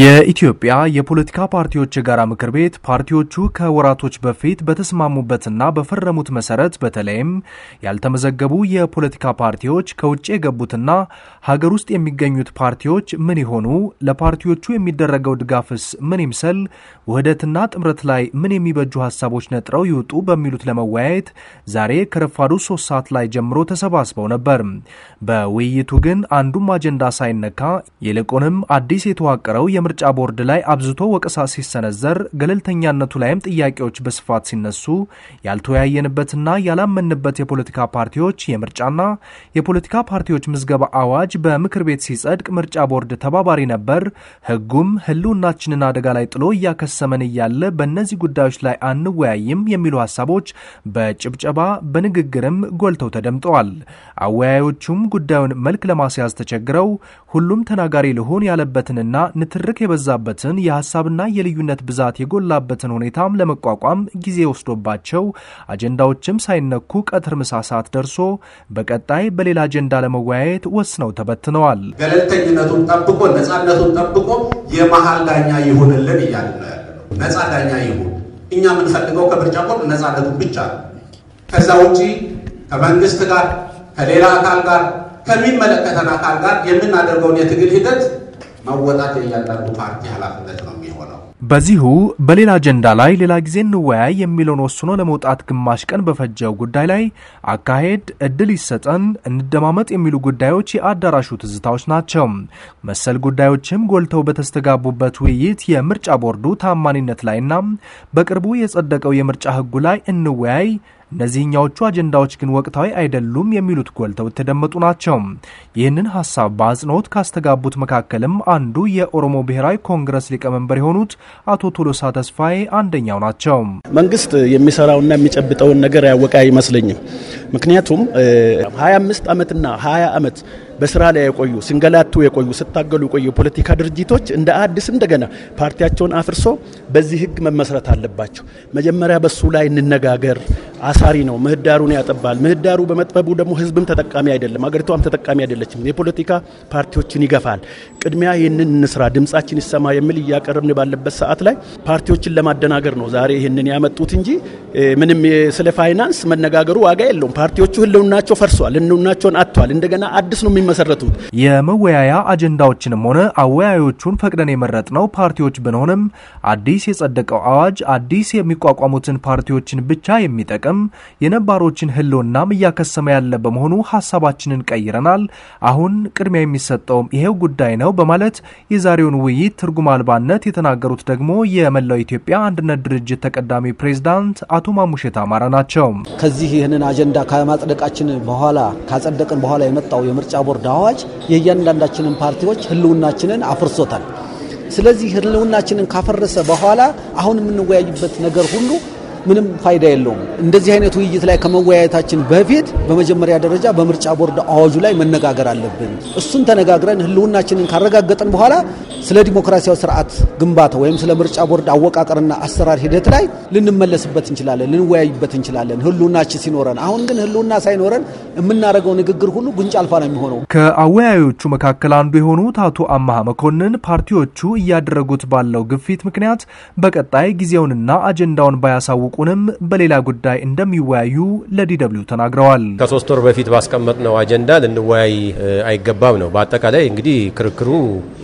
የኢትዮጵያ የፖለቲካ ፓርቲዎች የጋራ ምክር ቤት ፓርቲዎቹ ከወራቶች በፊት በተስማሙበትና በፈረሙት መሰረት በተለይም ያልተመዘገቡ የፖለቲካ ፓርቲዎች ከውጭ የገቡትና ሀገር ውስጥ የሚገኙት ፓርቲዎች ምን ይሆኑ፣ ለፓርቲዎቹ የሚደረገው ድጋፍስ ምን ይምሰል፣ ውህደትና ጥምረት ላይ ምን የሚበጁ ሀሳቦች ነጥረው ይውጡ በሚሉት ለመወያየት ዛሬ ከረፋዱ ሶስት ሰዓት ላይ ጀምሮ ተሰባስበው ነበር። በውይይቱ ግን አንዱም አጀንዳ ሳይነካ ይልቁንም አዲስ የተዋቀረው የምርጫ ቦርድ ላይ አብዝቶ ወቀሳ ሲሰነዘር፣ ገለልተኛነቱ ላይም ጥያቄዎች በስፋት ሲነሱ ያልተወያየንበትና ያላመንበት የፖለቲካ ፓርቲዎች የምርጫና የፖለቲካ ፓርቲዎች ምዝገባ አዋጅ በምክር ቤት ሲጸድቅ ምርጫ ቦርድ ተባባሪ ነበር፣ ህጉም ህልውናችንን አደጋ ላይ ጥሎ እያከሰመን እያለ በእነዚህ ጉዳዮች ላይ አንወያይም የሚሉ ሀሳቦች በጭብጨባ በንግግርም ጎልተው ተደምጠዋል። አወያዮቹም ጉዳዩን መልክ ለማስያዝ ተቸግረው ሁሉም ተናጋሪ ልሆን ያለበትንና ንትር ንትርክ የበዛበትን የሀሳብና የልዩነት ብዛት የጎላበትን ሁኔታም ለመቋቋም ጊዜ ወስዶባቸው አጀንዳዎችም ሳይነኩ ቀትር ምሳ ሰዓት ደርሶ በቀጣይ በሌላ አጀንዳ ለመወያየት ወስነው ተበትነዋል። ገለልተኝነቱን ጠብቆ ነፃነቱን ጠብቆ የመሀል ዳኛ ይሁንልን እያለ ነው ያለነው። ነፃ ዳኛ ይሁን። እኛ የምንፈልገው ከምርጫ ቦርድ ነፃነቱን ብቻ ነው። ከዛ ውጪ ከመንግስት ጋር ከሌላ አካል ጋር ከሚመለከተን አካል ጋር የምናደርገውን የትግል ሂደት መወጣት የእያንዳንዱ ፓርቲ ኃላፊነት ነው የሚሆነው። በዚሁ በሌላ አጀንዳ ላይ ሌላ ጊዜ እንወያይ የሚለውን ወስኖ ለመውጣት ግማሽ ቀን በፈጀው ጉዳይ ላይ አካሄድ፣ እድል ይሰጠን፣ እንደማመጥ የሚሉ ጉዳዮች የአዳራሹ ትዝታዎች ናቸው። መሰል ጉዳዮችም ጎልተው በተስተጋቡበት ውይይት የምርጫ ቦርዱ ታማኒነት ላይና በቅርቡ የጸደቀው የምርጫ ሕጉ ላይ እንወያይ እነዚህኛዎቹ አጀንዳዎች ግን ወቅታዊ አይደሉም የሚሉት ጎልተው የተደመጡ ናቸው። ይህንን ሀሳብ በአጽንኦት ካስተጋቡት መካከልም አንዱ የኦሮሞ ብሔራዊ ኮንግረስ ሊቀመንበር የሆኑት አቶ ቶሎሳ ተስፋዬ አንደኛው ናቸው። መንግስት የሚሰራውና የሚጨብጠውን ነገር ያወቀ አይመስለኝም። ምክንያቱም 25 ዓመትና 20 ዓመት በስራ ላይ የቆዩ ስንገላቱ የቆዩ ስታገሉ የቆዩ የፖለቲካ ድርጅቶች እንደ አዲስ እንደገና ፓርቲያቸውን አፍርሶ በዚህ ህግ መመስረት አለባቸው። መጀመሪያ በሱ ላይ እንነጋገር። አሳሪ ነው፣ ምህዳሩን ያጠባል። ምህዳሩ በመጥበቡ ደግሞ ህዝብም ተጠቃሚ አይደለም፣ አገሪቷም ተጠቃሚ አይደለችም። የፖለቲካ ፓርቲዎችን ይገፋል። ቅድሚያ ይህንን እንስራ፣ ድምጻችን ይሰማ የሚል እያቀረብን ባለበት ሰዓት ላይ ፓርቲዎችን ለማደናገር ነው ዛሬ ይህንን ያመጡት እንጂ ምንም ስለ ፋይናንስ መነጋገሩ ዋጋ የለውም። ፓርቲዎቹ ህልውናቸው ፈርሷል፣ ህልውናቸውን አጥቷል። እንደገና አዲስ ነው የሚመሰረቱት። የመወያያ አጀንዳዎችንም ሆነ አወያዮቹን ፈቅደን የመረጥነው ፓርቲዎች ብንሆንም አዲስ የጸደቀው አዋጅ አዲስ የሚቋቋሙትን ፓርቲዎችን ብቻ የሚጠቅም የነባሮችን ሕልውናም እያከሰመ ያለ በመሆኑ ሀሳባችንን ቀይረናል። አሁን ቅድሚያ የሚሰጠውም ይሄው ጉዳይ ነው በማለት የዛሬውን ውይይት ትርጉም አልባነት የተናገሩት ደግሞ የመላው ኢትዮጵያ አንድነት ድርጅት ተቀዳሚ ፕሬዝዳንት አቶ ማሙሼት አማራ ናቸው። ከዚህ ይህንን አጀንዳ ከማጽደቃችን በኋላ ካጸደቅን በኋላ የመጣው የምርጫ ቦርድ አዋጅ የእያንዳንዳችንን ፓርቲዎች ህልውናችንን አፍርሶታል። ስለዚህ ህልውናችንን ካፈረሰ በኋላ አሁን የምንወያይበት ነገር ሁሉ ምንም ፋይዳ የለውም። እንደዚህ አይነት ውይይት ላይ ከመወያየታችን በፊት በመጀመሪያ ደረጃ በምርጫ ቦርድ አዋጁ ላይ መነጋገር አለብን። እሱን ተነጋግረን ህልውናችንን ካረጋገጥን በኋላ ስለ ዲሞክራሲያዊ ስርዓት ግንባታ ወይም ስለ ምርጫ ቦርድ አወቃቀርና አሰራር ሂደት ላይ ልንመለስበት እንችላለን፣ ልንወያይበት እንችላለን ህልውናችን ሲኖረን። አሁን ግን ህልውና ሳይኖረን የምናደርገው ንግግር ሁሉ ጉንጭ አልፋ ነው የሚሆነው። ከአወያዮቹ መካከል አንዱ የሆኑት አቶ አማሃ መኮንን ፓርቲዎቹ እያደረጉት ባለው ግፊት ምክንያት በቀጣይ ጊዜውንና አጀንዳውን ባያሳውቁ ይልቁንም በሌላ ጉዳይ እንደሚወያዩ ለዲደብሊው ተናግረዋል። ከሶስት ወር በፊት ባስቀመጥነው አጀንዳ ልንወያይ አይገባም ነው። በአጠቃላይ እንግዲህ ክርክሩ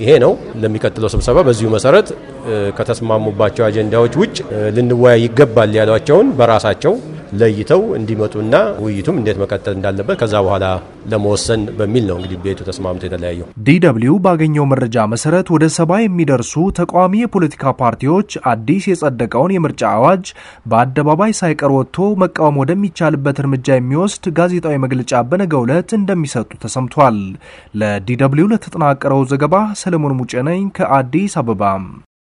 ይሄ ነው። ለሚቀጥለው ስብሰባ በዚሁ መሰረት ከተስማሙባቸው አጀንዳዎች ውጭ ልንወያይ ይገባል ያሏቸውን በራሳቸው ለይተው እንዲመጡና ውይይቱም እንዴት መቀጠል እንዳለበት ከዛ በኋላ ለመወሰን በሚል ነው እንግዲህ ቤቱ ተስማምቶ የተለያየው። ዲደብሊው ባገኘው መረጃ መሰረት ወደ ሰባ የሚደርሱ ተቃዋሚ የፖለቲካ ፓርቲዎች አዲስ የጸደቀውን የምርጫ አዋጅ በ በአደባባይ ሳይቀር ወጥቶ መቃወም ወደሚቻልበት እርምጃ የሚወስድ ጋዜጣዊ መግለጫ በነገው ዕለት እንደሚሰጡ ተሰምቷል። ለዲ ለተጠናቀረው ዘገባ ሰለሞን ሙጬ ነኝ ከአዲስ አበባ